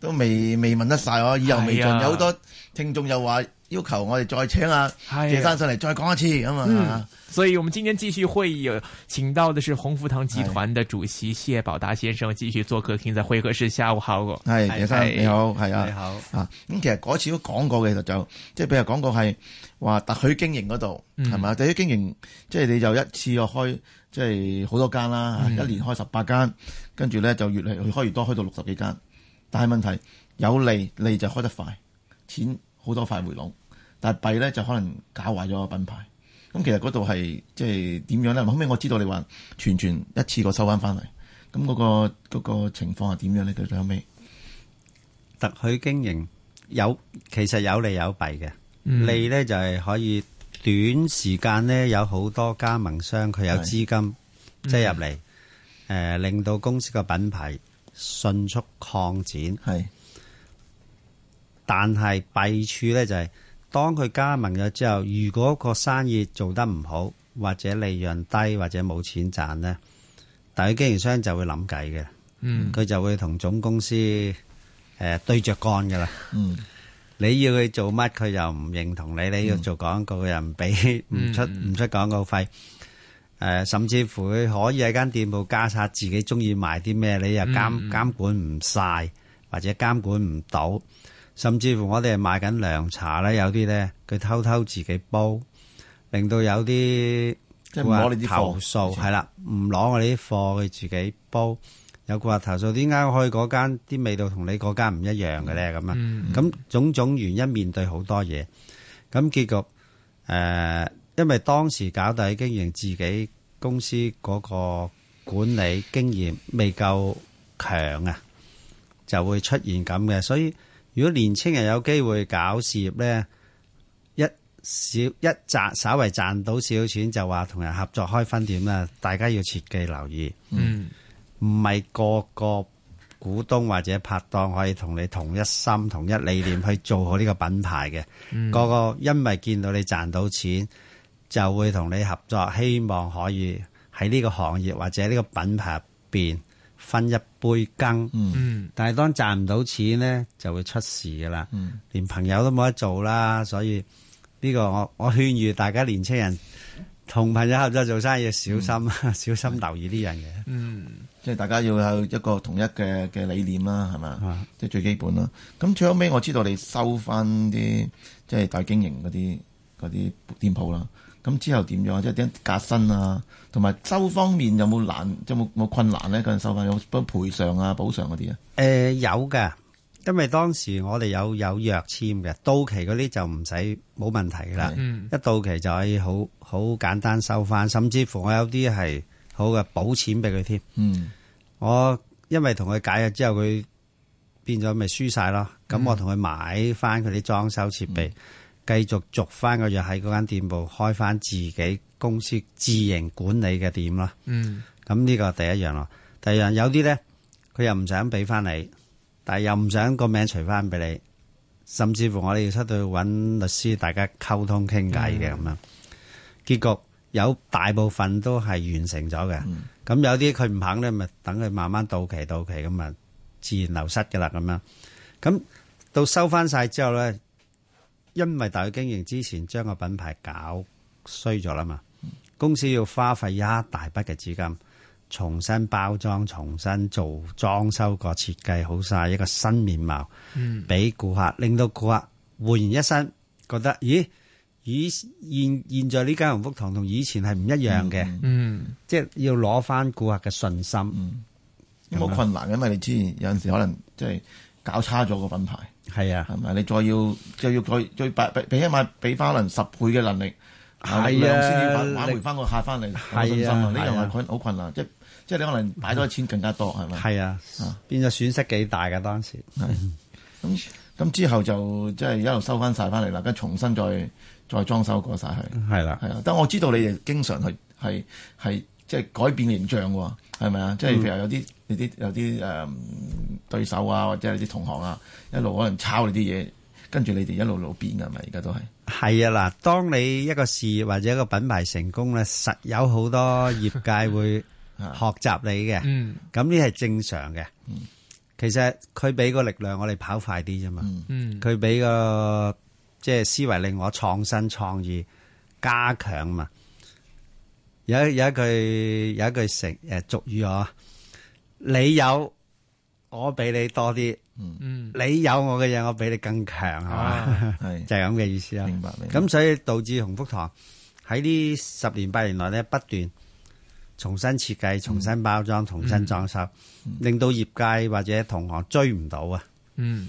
都未未問得晒，我意猶未盡、哎。有好多聽眾又話要求我哋再請阿謝生上嚟再講一次咁啊、哎嗯。所以，我們今天繼續會議，請到的是鴻福堂集團的主席謝寶達先生繼續做客。聽在會客室，下午好，我係謝生，你、哎、好，係啊，好、哎、啊。咁、哎哎哎哎哎嗯、其實嗰次都講過嘅、嗯，就即係比如講過係話特許經營嗰度係嘛？特許經營，即係你就一次又開即係好多間啦、嗯，一年開十八間，跟住咧就越嚟越開越多，開到六十幾間。但係問題有利，利就開得快，錢好多快回籠。但係弊咧就可能搞壞咗個品牌。咁其實嗰度係即係點樣咧？後尾我知道你話全全一次過收翻翻嚟，咁嗰、嗰個嗰個情況係點樣咧？佢最後尾，特許經營有其實有利有弊嘅，嗯、利咧就係、係、可以短時間咧有好多加盟商佢有資金即係入嚟、嗯呃，令到公司嘅品牌，迅速擴展，係，但係弊處咧就係、是，當佢加盟咗之後，如果個生意做得唔好，或者利潤低，或者冇錢賺咧，但係經營商就會諗計嘅，嗯，佢就會同總公司誒、呃、對着幹噶啦，嗯，你要佢做乜佢又唔認同你，你要做廣告、嗯、又唔俾，唔 出唔出廣告費。誒，甚至乎佢可以喺間店鋪加插自己中意賣啲咩，你又監監管唔晒，或者監管唔到，甚至乎我哋係賣緊涼茶咧，有啲咧佢偷偷自己煲，令到有啲即係攞我哋啲貨投訴係啦，唔攞我哋啲貨佢自己煲，有顧客投訴，點解可以嗰間啲味道同你嗰間唔一樣嘅咧咁啊？咁種種原因面對好多嘢，咁結局誒。因為當時搞大經營自己公司嗰個管理經驗未夠強啊，就會出現咁嘅。所以如果年青人有機會搞事業呢，一小一賺，稍微賺到少錢就話同人合作開分店啦。大家要切記留意，嗯、唔係個個股東或者拍檔可以同你同一心、同一理念去做好呢個品牌嘅，嗯。個個因為見到你賺到錢。就會同你合作，希望可以喺呢個行業或者呢個品牌入邊分一杯羹。嗯，但係當賺唔到錢咧，就會出事噶啦。嗯，連朋友都冇得做啦。所以呢個我我勸喻大家年青人同朋友合作做生意，要小心、嗯、 小心留意呢樣嘢。嗯，即係大家要有一個同一嘅嘅理念啦，係咪、啊？即係最基本啦。咁最後尾我知道你收翻啲即係大經營嗰啲嗰啲店鋪啦。咁之後點樣？即係點樣革新啊？同埋收方面有冇難，有冇冇困難咧？嗰人收翻有冇賠償啊、補償嗰啲啊？誒、呃、有嘅，因為當時我哋有有約簽嘅到期嗰啲就唔使，冇問題㗎啦。一到期就可以好好簡單收翻，甚至乎我有啲係好嘅補錢俾佢添。我因為同佢解約之後，佢變咗咪輸晒咯。咁、嗯、我同佢買翻佢啲裝修設備。嗯繼續續翻佢就喺嗰間店鋪開翻自己公司自營管理嘅店啦。嗯，咁呢個係第一樣咯。第二樣有啲咧，佢又唔想俾翻你，但係又唔想個名除翻俾你，甚至乎我哋要出去揾律師，大家溝通傾偈嘅咁樣。結局有大部分都係完成咗嘅，咁有啲佢唔肯咧，咪等佢慢慢到期到期咁啊，自然流失噶啦咁樣。咁到收翻晒之後咧，因為大佢經營之前將個品牌搞衰咗啦嘛，公司要花費一大筆嘅資金，重新包裝、重新做裝修、個設計好晒一個新面貌，俾顧客，令到顧客煥然一新，覺得咦，以現現在呢間鴻福堂同以前係唔一樣嘅，嗯嗯，即係要攞翻顧客嘅信心，好、嗯、困難，因為你之前有陣時可能即係。搞差咗個品牌，係啊，係咪？你再要，就要再再俾俾起碼，俾翻可能十倍嘅能力，係啊，量、啊、先要挽回翻個客翻嚟，係啊，呢樣係好困難，啊困難啊、即即係你可能擺咗錢更加多，係咪、啊？係啊，啊，變咗損失幾大嘅當時。係、啊，咁、嗯、咁、啊、之後就即係、就是、一路收翻晒翻嚟啦，跟住重新再再裝修過晒佢。係啦、啊，係啊，啊，但我知道你哋經常去係係。即係改變形象喎，係咪啊？即係譬如有啲、有啲、有啲誒、呃、對手啊，或者有啲同行啊，一路可能抄你啲嘢，跟住你哋一路路變㗎嘛，係咪？而家都係，係啊！嗱，當你一個事業或者一個品牌成功咧，實有好多業界會學習你嘅，咁呢係正常嘅、嗯。其實佢俾個力量我哋跑快啲啫、嗯那個就是、嘛，佢俾個即係思維令我創新創意加強嘛。有一有一句有一句成誒俗語啊，你有我比你多啲。嗯嗯，你有我嘅嘢，我比你更強，係嘛，係、啊、 就係咁嘅意思啊。明白明白。咁所以導致鴻福堂喺呢十年八年內咧不斷重新設計、重新包裝、重新裝修、嗯嗯，令到業界或者同行追唔到啊。嗯。.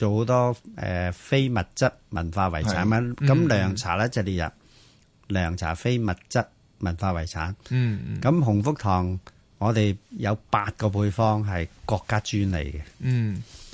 做好多誒、呃、非物質文化遺產，啊！咁涼茶咧就列入涼茶非物質文化遺產。咁鴻福堂我哋有八個配方係國家專利嘅。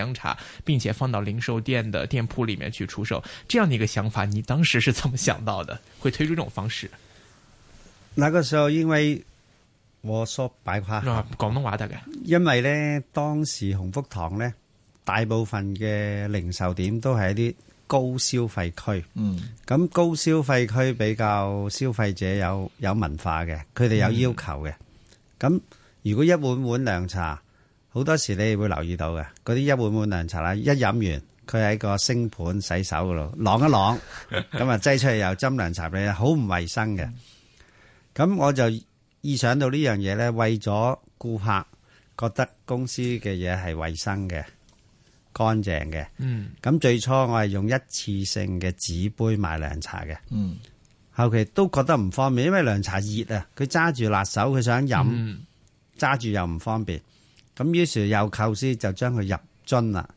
涼茶，並且放到零售店的店鋪裡面去出售，這樣的一個想法，你當時是怎麼想到的？會推出這種方式？那個時候，因為我說白話，廣東話得嘅。因為咧，當時鴻福堂咧，大部分嘅零售點都係一啲高消費區。嗯，咁高消費區比較消費者有有文化嘅，佢哋有要求嘅。咁、嗯、如果一碗碗涼茶，好多時你會留意到嘅，嗰啲一碗碗涼茶啦，一飲完佢喺個星盤洗手嗰度，晾一晾咁啊，擠出嚟又斟涼茶俾你好唔衛生嘅。咁我就意想到呢樣嘢咧，為咗顧客覺得公司嘅嘢係衛生嘅、乾淨嘅。嗯，咁最初我係用一次性嘅紙杯買涼茶嘅。嗯，後期都覺得唔方便，因為涼茶熱啊，佢揸住辣手，佢想飲揸住又唔方便。咁於是又構思就將佢入樽啦，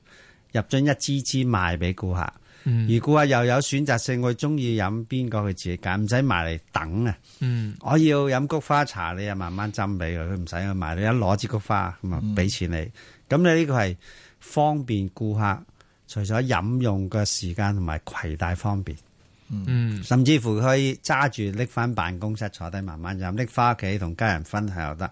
入樽一支支賣俾顧客。嗯、而顧客又有選擇性，佢中意飲邊個，佢自己揀，唔使買嚟等啊、嗯。我要飲菊花茶，你又慢慢斟俾佢，佢唔使去買，你一攞支菊花咁啊，俾錢、嗯、你。咁你呢個係方便顧客，除咗飲用嘅時間同埋攜帶方便、嗯，甚至乎佢可以揸住拎翻辦公室坐低慢慢飲，拎翻屋企同家人分享就得。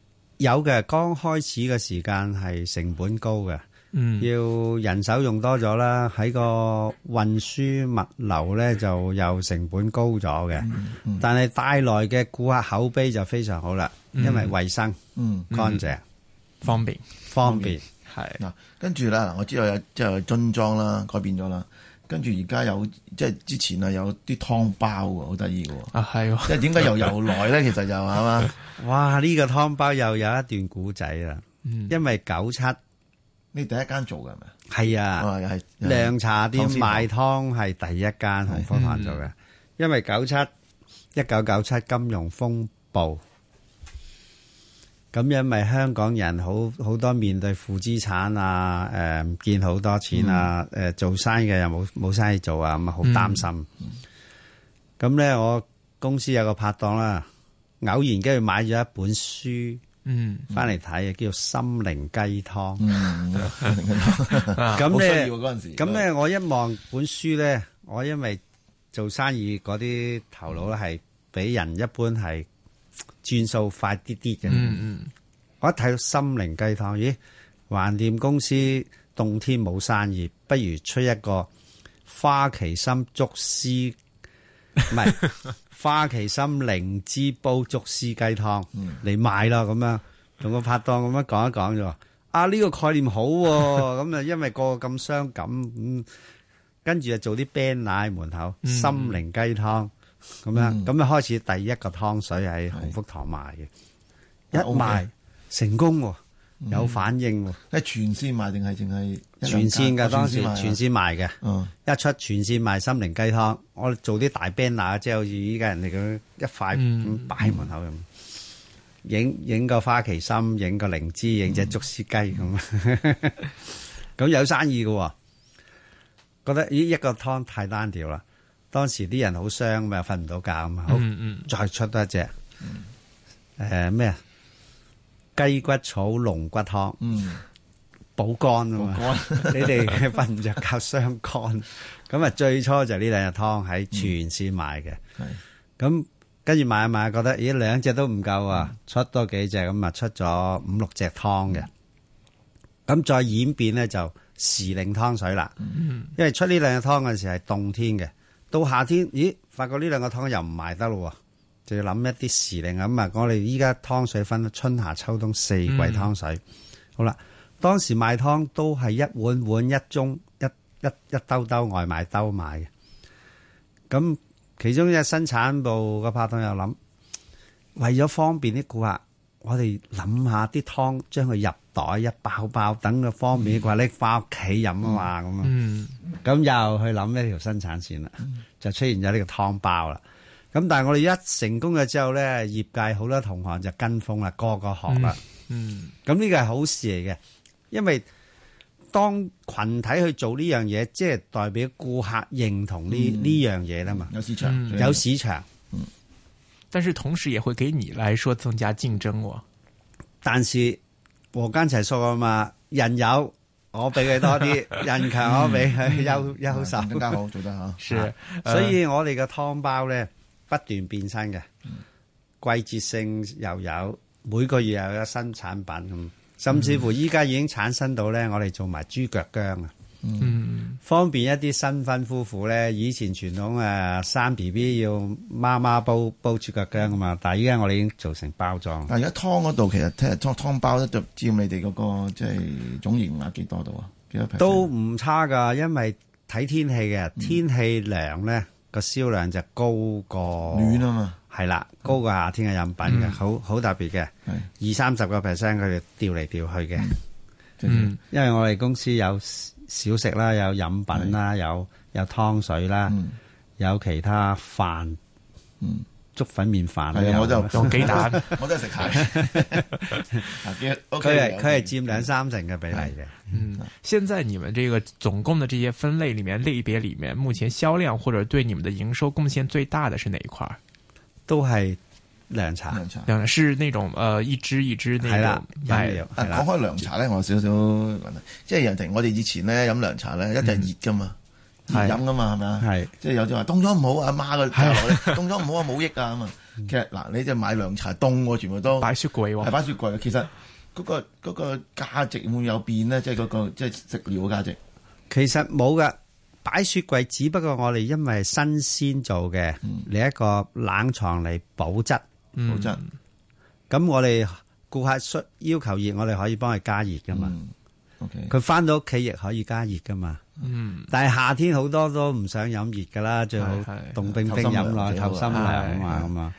有嘅，剛開始嘅時間係成本高嘅，嗯，要人手用多咗啦，喺個運輸物流咧就又成本高咗嘅，嗯嗯。但係帶來嘅顧客口碑就非常好啦，嗯，因為衛生、乾、嗯、淨、嗯嗯、方便、方便係。嗱，跟住咧，我知道有即係樽裝啦，改變咗啦。跟住而家有即係之前啊有啲湯包好得意喎。啊，係喎！即係點解又又來咧？其實，由由 其實就係、是、嘛。哇！呢、這個湯包又有一段古仔啦。因為九七，你第一間做嘅係咪？係、嗯、啊。啊，涼茶店賣湯係第一間紅磡辦做嘅、嗯。因為九七一九九七金融風暴。咁因為香港人好好多面對負資產啊！誒，唔見好多錢啊、嗯！做生意嘅又冇冇生意做啊！咁啊，好擔心。咁、嗯、咧，我公司有個拍檔啦，偶然跟住買咗一本書，翻嚟睇，叫做《心靈雞湯》。咁、嗯、咧，咁、嗯、咧，嗯、 我一望本書咧，我因為做生意嗰啲頭腦咧，係俾人一般係。轉數快啲啲嘅，我一睇到心靈雞湯，咦？橫掂公司冬天冇生意，不如出一個花旗參竹絲，唔係 花旗參靈芝煲竹絲雞湯嚟賣啦，咁、嗯、樣同個拍檔咁樣講一講就話啊呢、這個概念好、啊，咁 啊因為個個咁傷感，跟、嗯、住就做啲 banner 喺門口、嗯、心靈雞湯。咁樣咁啊、嗯，開始第一個湯水喺鴻福堂賣嘅，一賣成功,、嗯、成功有反應。係、嗯、全,全,全線賣定係淨係全線噶當時全線賣嘅、嗯。一出全線賣心靈雞湯，我做啲大 banner，即係好似依家人哋咁樣，一塊咁擺喺門口咁，影、嗯、影個花旗參，影個靈芝，影隻竹絲雞咁。咁、嗯嗯、 有生意嘅，覺得咦一個湯太單調啦。當時啲人好傷咁啊，瞓唔到覺啊嘛，好、嗯嗯，再出多一隻，誒咩啊？雞、呃、骨草龍骨湯，嗯保肝，啊嘛，你哋瞓唔着覺傷肝，咁啊 最初就呢兩隻湯喺全市賣嘅，咁跟住買一買覺得咦兩隻都唔夠啊，出多幾隻，咁、嗯、啊出咗五六隻湯嘅，咁再演變咧就時令湯水啦、嗯，因為出呢兩隻湯嗰陣時係凍天嘅。到夏天，咦？發覺呢兩個湯又唔賣得咯，就要諗一啲時令咁啊！我哋依家湯水分春夏秋冬四季湯水，嗯、好啦。當時賣湯都係一碗碗一、一盅、一一一兜兜外賣兜賣嘅。咁其中一個生產部個拍檔又諗，為咗方便啲顧客。我哋諗下啲湯，將佢入袋，袋一包包，等佢方面，佢話拎翻屋企飲啊嘛，咁、嗯、啊，咁、嗯、又去諗呢條生產線啦、嗯，就出現咗呢個湯包啦。咁但係我哋一成功咗之後咧，業界好多同行就跟風啦，個個學啦。嗯，咁呢個係好事嚟嘅，因為當群體去做呢樣嘢，即係代表顧客認同呢呢樣嘢啦嘛。有市場，嗯、有市場。但是同時也會給你來說增加競爭喎、哦，但是我剛才說過嘛，人有我俾佢多啲， 人強我俾佢優、 嗯嗯、優秀，更加好做得好，是、啊呃，所以我哋嘅湯包咧不斷變身嘅、嗯，季節性又有，每個月又有新產品，甚至乎依家已經產生到咧，我哋做埋豬腳姜啊。嗯，方便一啲新婚夫婦咧，以前傳統誒、啊、生 B B 要媽媽煲煲豬腳薑啊嘛，但係依家我哋已經做成包裝。但係而家湯嗰度其實聽湯湯包得、那個、就佔你哋嗰個即係總營業額幾多度啊？幾多 p 都唔差噶，因為睇天氣嘅、嗯，天氣涼咧個銷量就高過暖啊嘛。係啦，高過夏天嘅飲品嘅、嗯，好好特別嘅，二三十個 percent 佢調嚟調去嘅、嗯。嗯，因為我哋公司有。小食啦，有飲品啦，嗯、有有湯水啦、嗯，有其他飯，嗯，粥粉麵飯。係啊，我就用雞蛋，我都食蟹。佢係佢係佔兩三成嘅比例嘅。嗯，現在你們這個總共的這些分類裡面，類別裡面，目前銷量或者對你們的營收貢獻最大的是哪一塊？都係。涼茶，涼茶，涼茶涼茶是那種誒、呃、一支一支那種。係啦，係啦。講開涼茶咧，我少少問題。即係楊婷，我哋以前咧飲涼茶咧，一定熱噶嘛，熱飲噶嘛，係咪啊？係。即係、就是、有啲話凍咗唔好，阿媽佢凍咗唔好啊，冇、啊、益噶咁啊嘛 其、哦。其實嗱、那個，你即係買涼茶凍喎，全部都。擺雪櫃喎。係擺雪櫃。其實嗰個嗰個價值會有變咧，即係嗰個即係、就是、食料嘅價值。其實冇嘅，擺雪櫃只不過我哋因為新鮮做嘅，你、嗯、一個冷藏嚟保質。保、嗯、證，咁我哋顧客需要求熱，我哋可以幫佢加熱噶嘛。佢、嗯、翻、okay、到屋企亦可以加熱噶嘛。嗯，但是夏天好多都唔想飲熱的啦，最好凍冰冰飲啦，透、嗯、心涼啊嘛，咁啊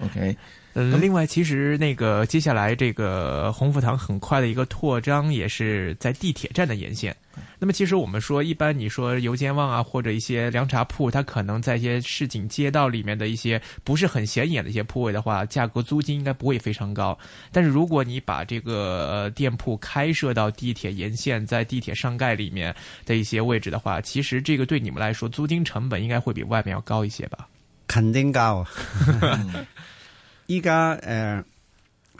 ，OK、嗯。咁另外其實，那個接下來這個鴻福堂很快的一個拓張也是在地鐵站的沿線。Okay, 那麼其實我們說，一般你說油尖旺啊或者一些涼茶鋪，它可能在一些市井街道裏面的一些不是很顯眼的一些鋪位的話，價格租金應該不會非常高。但是如果你把這個、呃、店鋪開設到地鐵沿線，在地鐵上蓋裏面。一些位置的話，其實這個對你們來說，租金成本應該會比外面要高一些吧？肯定高啊！依家誒，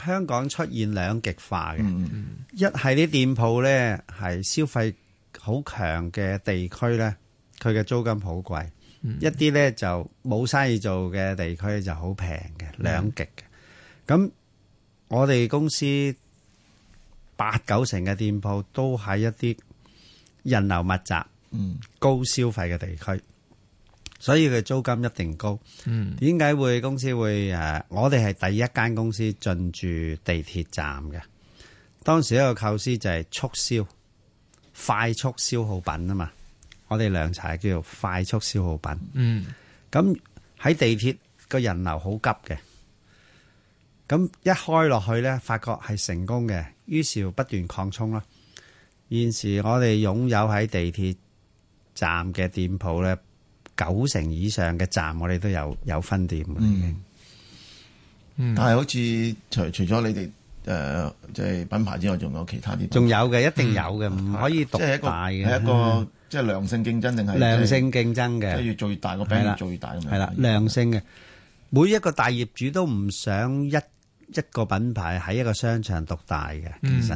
香港出現兩極化嘅、嗯，一係啲店鋪咧係消費好強嘅地區咧，佢嘅租金好貴；嗯、一啲咧就冇生意做嘅地區就好平嘅，兩極嘅。咁、嗯、我哋公司八九成嘅店鋪都喺一啲。人流密集、高消費嘅地區、嗯，所以佢租金一定高。點、嗯、解會公司會誒？我哋係第一間公司進駐地鐵站嘅。當時一個構思就係促銷，快速消耗品啊嘛。我哋涼茶叫做快速消耗品。嗯，咁喺地鐵個人流好急嘅，咁一開落去咧，發覺係成功嘅，於是不斷擴充啦。現時我哋擁有喺地鐵站嘅店鋪咧，九成以上嘅站我哋都有有分店、嗯嗯。但係好似除除咗你哋誒，即、呃、係、就是、品牌之外，仲有其他啲？仲有嘅，一定有嘅，唔、嗯、可以獨大嘅、就是就是就是就是，一個即係良性競爭定係良性競爭嘅，跟住最大個餅最大係啦，良性嘅，每一個大業主都唔想一一個品牌喺一個商場獨大嘅、嗯，其實。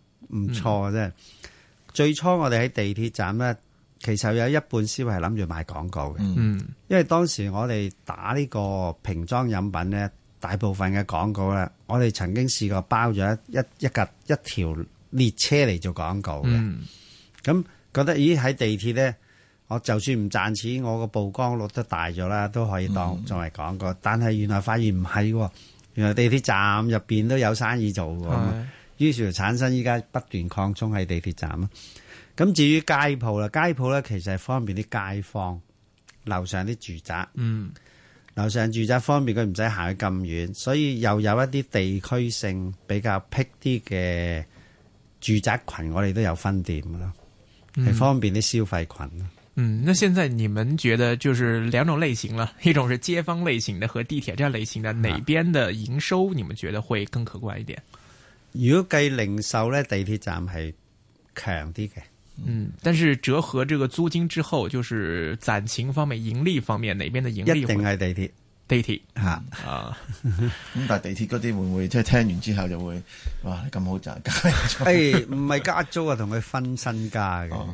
唔錯嘅、嗯。最初我哋喺地鐵站咧，其實有一半思維係諗住買廣告嘅。嗯，因為當時我哋打呢個瓶裝飲品咧，大部分嘅廣告咧，我哋曾經試過包咗一一一架一條列車嚟做廣告嘅。咁、嗯、覺得咦喺地鐵咧，我就算唔賺錢，我個曝光率都大咗啦，都可以當作為廣告。嗯、但係原來發現唔係，原來地鐵站入邊都有生意做。於是就產生依家不斷擴充喺地鐵站啦。咁至於街鋪啦，街鋪咧其實係方便啲街坊樓上啲住宅，嗯，樓上住宅方便佢唔使行去咁遠，所以又有一啲地區性比較僻啲嘅住宅群，我哋都有分店咯，係、嗯、方便啲消費群。嗯，那現在你們覺得就是兩種類型啦，一種是街坊類型的和地鐵站類型的，哪邊的營收你們覺得會更可觀一點？嗯如果計零售咧，地鐵站係強啲嘅，嗯，但是折合這個租金之後，就是賺錢方面、盈利方面，哪邊的盈利一定係地鐵，地鐵吓、嗯，啊，咁、 嗯、但係地鐵嗰啲會唔會即係、就是、聽完之後就會哇你咁好賺，加租？誒，唔 係、哎、加租啊，同佢分身家嘅、哦，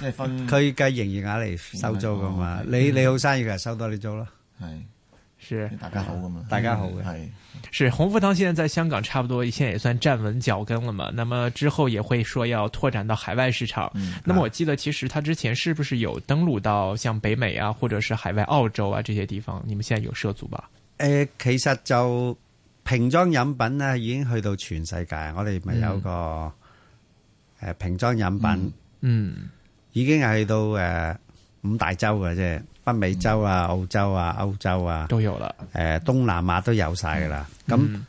即係分，佢計營業額嚟收租噶嘛，嗯、你你好生意嘅收多啲租咯，係。是大家好㗎嘛，大家好嘅係、啊，是鴻福堂現在在香港差不多，現在也算站穩腳跟了嘛。那麼之後也會說要拓展到海外市場。嗯、那麼我記得其實他之前是不是有登陸到像北美啊，或者是海外澳洲啊這些地方？你們現在有涉足吧？誒、呃，其實就瓶裝飲品呢，已經去到全世界。我哋咪有個誒瓶、嗯呃、裝飲品，嗯，嗯已經係去到誒。呃五大洲嘅啫，北美洲啊、澳洲啊、歐洲啊都有啦。誒，東南亞都有晒噶啦。咁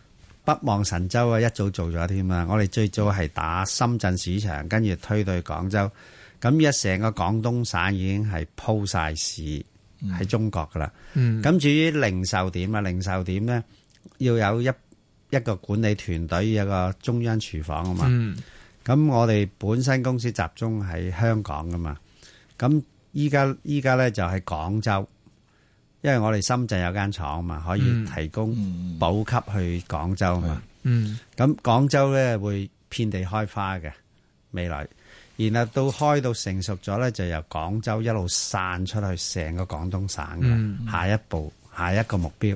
北望神州啊，一早做咗添啊！我哋最早係打深圳市場，跟住推到去廣州。咁一成個廣東省已經係鋪晒市喺中國噶啦。咁至於零售點啊，零售點咧要有一一個管理團隊，有一個中央廚房啊嘛。咁我哋本身公司集中喺香港噶嘛，咁。依家依家咧就係廣州，因為我哋深圳有間廠嘛，可以提供補給去廣州嘛。嗯、咁、廣州咧會遍地開花嘅未來，然後到開到成熟咗咧，就由廣州一路散出去成個廣東省嘅、嗯、下一步下一個目標。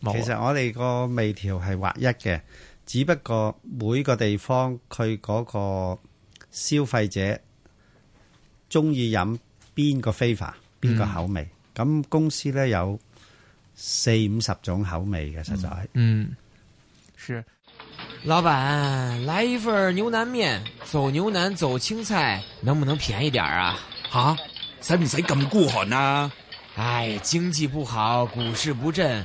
其實我哋個味調係劃一嘅，只不過每個地方佢嗰個消費者中意飲邊個非法，邊個口味。咁、嗯、公司咧有四五十種口味嘅，實在嗯。嗯，是。老闆，來一份牛腩麵，走牛腩，走青菜，能不能便宜點啊？吓？使唔使咁孤寒啊？唉、哎，經濟不好，股市不振。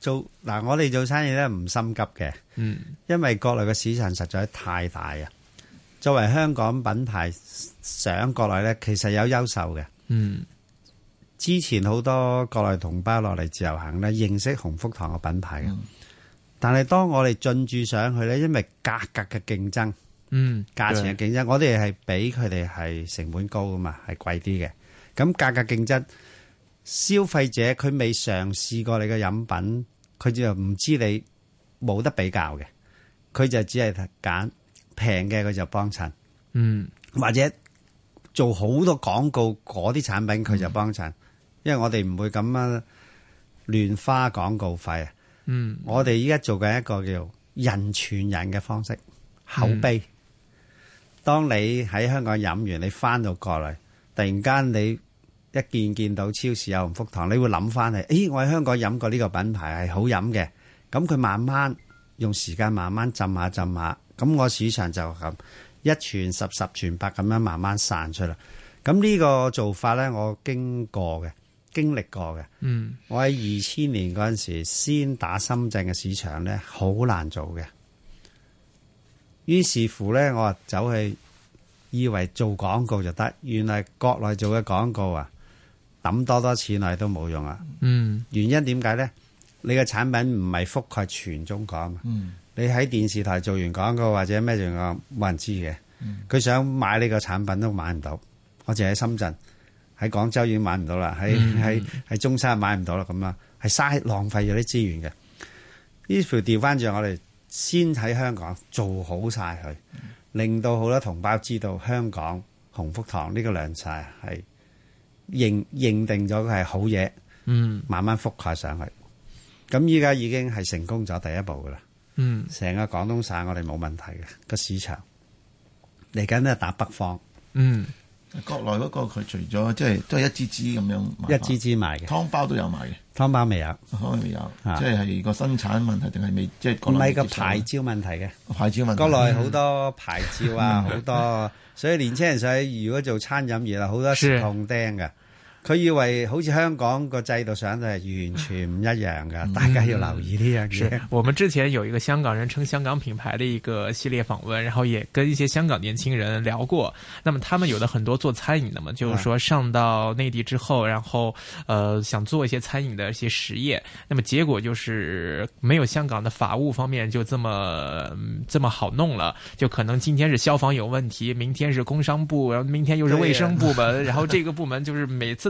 做嗱，我哋做生意咧，唔心急嘅，嗯，因為國內嘅市場實在太大啊。作為香港品牌上國內咧，其實有優秀嘅，嗯，之前好多國內同胞落嚟自由行咧，認識鴻福堂嘅品牌嘅。但係當我哋進駐上去咧，因為價格嘅競爭，嗯，價錢嘅競爭，我哋係比佢哋係成本高噶嘛，係貴啲嘅。咁價格競爭。消費者佢未嘗試過你嘅飲品，佢就唔知你冇得比較嘅，佢就只係揀平嘅佢就幫襯，嗯，或者做好多廣告嗰啲產品佢就幫襯，嗯，因為我哋唔會咁樣亂花廣告費啊，嗯，我哋依家做緊一個叫人傳人嘅方式口碑，嗯、當你喺香港飲完你翻到過嚟，突然間你。一見見到超市有鴻福堂，你會諗翻起，咦、哎，我喺香港飲過呢個品牌係好飲嘅，咁佢慢慢用時間慢慢浸下浸下，咁我市場就咁一傳十十傳百咁樣慢慢散出嚟，咁呢個做法咧，我經過嘅經歷過嘅，嗯，我喺二千年嗰陣時先打深圳嘅市場咧，好難做嘅，於是乎咧，我走去以為做廣告就得，原來國內做嘅廣告啊！抌多多錢嚟都冇用啊！原因點解咧？你嘅產品唔係覆蓋全中國嘛！你喺電視台做完廣告或者咩嘢嘅，冇人知嘅。佢想買呢個產品都買唔到。我淨喺深圳，喺廣州已經買唔到啦。喺喺喺中山買唔到啦。咁啊，係嘥浪費咗啲資源嘅。呢條調翻轉，我哋先喺香港做好晒佢，令到好多同胞知道香港鴻福堂呢個涼茶係。認認定咗佢係好嘢，嗯，慢慢覆蓋上去，咁依家已經係成功咗第一步噶啦，嗯，成個廣東省我哋冇問題嘅個市場，嚟緊呢打北方，嗯。國內嗰個佢除咗即係都係一支支咁樣，一支支賣嘅湯包都有，賣嘅湯包未有，可能未有，啊、即係係個生產問題定係未即係國內唔係個牌照問題嘅牌照問題，國內好多牌照啊，好、嗯、多， 所以年輕人想如果做餐飲業啊，好多時碰釘㗎。佢以為好似香港個制度上係完全唔一樣嘅、啊嗯，大家要留意呢樣嘢。是，我們之前有一個香港人稱香港品牌的一個系列訪問，然後也跟一些香港年輕人聊過。那麼他們有的很多做餐飲的嘛，就是說上到內地之後，然後，呃，想做一些餐飲的一些實業。那麼結果就是沒有香港的法務方面就這麼這麼好弄了，就可能今天是消防有問題，明天是工商部，然後明天又是衛生部門，然後這個部門就是每次。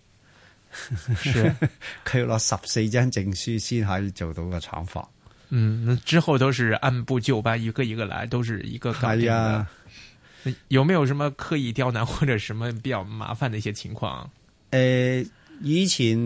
佢要攞十四張證書先可以做到個廠房。嗯，之後都是按部就班，一個一個來，都是一個係啊，啊。有沒有什麼刻意刁難或者什麼比較麻煩的一些情況？誒、呃，以前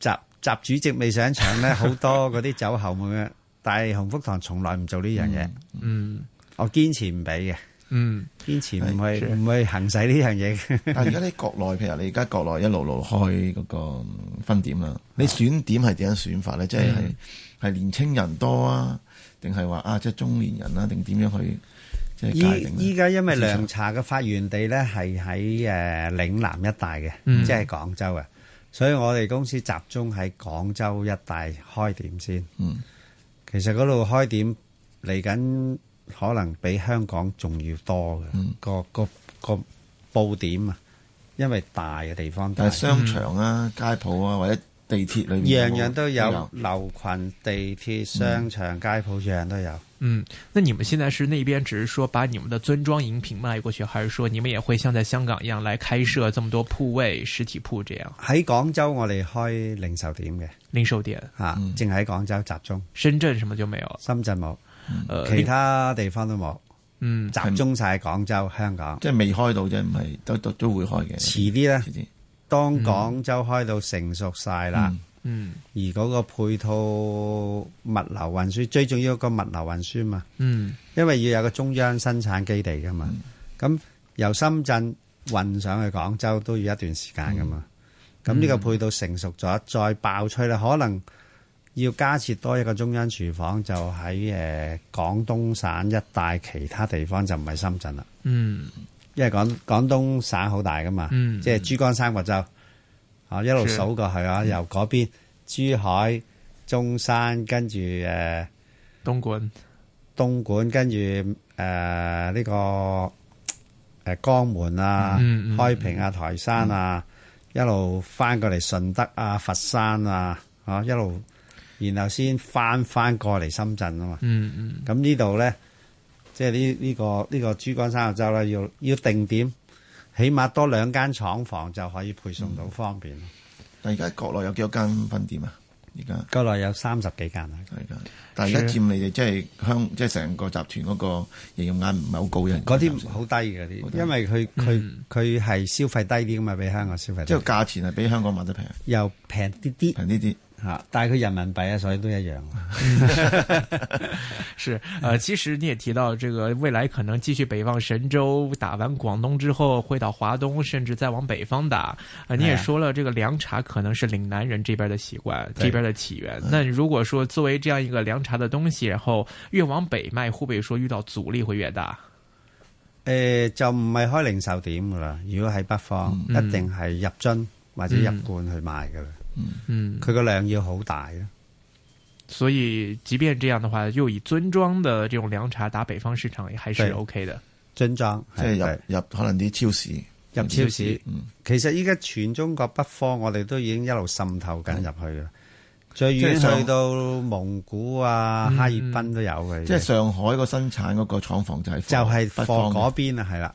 習習主席未上場咧，好多嗰啲走後門，但係鴻福堂從來唔做呢樣嘢。嗯，我堅持唔俾嘅。嗯，堅持唔係唔係行使呢樣嘢。但係而家你國內，譬如你而家國內一路路開嗰個分點啊，你選點係點樣選法咧？即係係年青人多啊，定係話啊即係、就是、中年人啊，定點樣去即係界定？依家因為涼茶嘅發源地咧係喺誒嶺南一帶嘅，即係廣州嘅，所以我哋公司集中喺廣州一帶開店先。嗯，其實嗰度開點嚟緊。可能比香港仲要多嘅，嗯，個個個布點啊，因為大嘅地方，但、就、係、是、商場啊、嗯、街鋪啊或者地鐵裏面，樣樣都有。樓、嗯、群、地鐵、商場、嗯、街鋪，樣樣都有。嗯，那你們現在是那邊只是說把你們的樽裝飲品賣過去，還是說你們也會像在香港一樣來開設這麼多鋪位、嗯、實體鋪這樣？喺廣州我哋開零售店嘅，零售店啊，淨喺廣州集中。深圳什麼就沒有？深圳冇。其他地方都冇、嗯，集中晒廣州、香港。即係未開到啫，唔係都都都會開嘅。遲啲咧，遲啲，當廣州開到成熟晒啦、嗯，而嗰個配套物流運輸、嗯、最重要一個物流運輸嘛、嗯，因為要有個中央生產基地噶嘛，咁、嗯、由深圳運上去廣州都要一段時間噶嘛，咁、嗯、呢個配套成熟咗、嗯，再爆出啦，可能。要加設多一個中央廚房，就喺誒、呃、廣東省一帶其他地方就唔係深圳啦。嗯，因為廣廣東省好大㗎嘛，嗯、即係珠江三角洲啊，一路數過去啊，由嗰邊、嗯、珠海、中山，跟住誒東莞，東莞跟住誒呢個江門啊、嗯嗯、開平啊、台山啊，嗯、一路翻過嚟順德啊、佛山啊、啊一路。然後先翻翻過嚟深圳啊嘛，咁、嗯嗯、呢度咧，即係呢呢個呢、呢個珠江三角洲咧，要要定點，起碼多兩間廠房就可以配送到，嗯、方便。但而家國內有幾多間分店啊？而家國內有三十幾間啊，但係而家佔你哋即係香，即係成個集團嗰個營業額唔係好高嘅。嗰啲好低嘅啲，因為佢佢佢係消費低啲噶嘛，比香港消費低。即係價錢係比香港買得平。又平啲啲，平啲啲。啊！但人民幣啊，所以都一樣。 是，呃其實你也提到，這個未來可能繼續北望神州，打完廣東之後，會到華東，甚至再往北方打。啊、呃，你也說了，這個涼茶可能是嶺南人這邊的習慣，這邊的起源。那如果說作為這樣一個涼茶的東西，然後越往北賣，會不會說遇到阻力會越大？誒、呃，就唔係開零售點噶啦，如果喺北方，嗯、一定係入樽或者入罐去賣噶啦。嗯嗯嗯，佢個量要好大啊，所以即便這樣的話，又以樽裝的這種涼茶打北方市場，也還是 O、okay、K 的樽裝，即係入入，入可能啲超市，入超市。嗯、其實依家全中國北方，我哋都已經一路滲透緊入去啦、嗯。最遠去到蒙古啊、嗯，哈爾濱都有嘅。即係上海個生產嗰個廠房就係就係放嗰邊啊，係啦。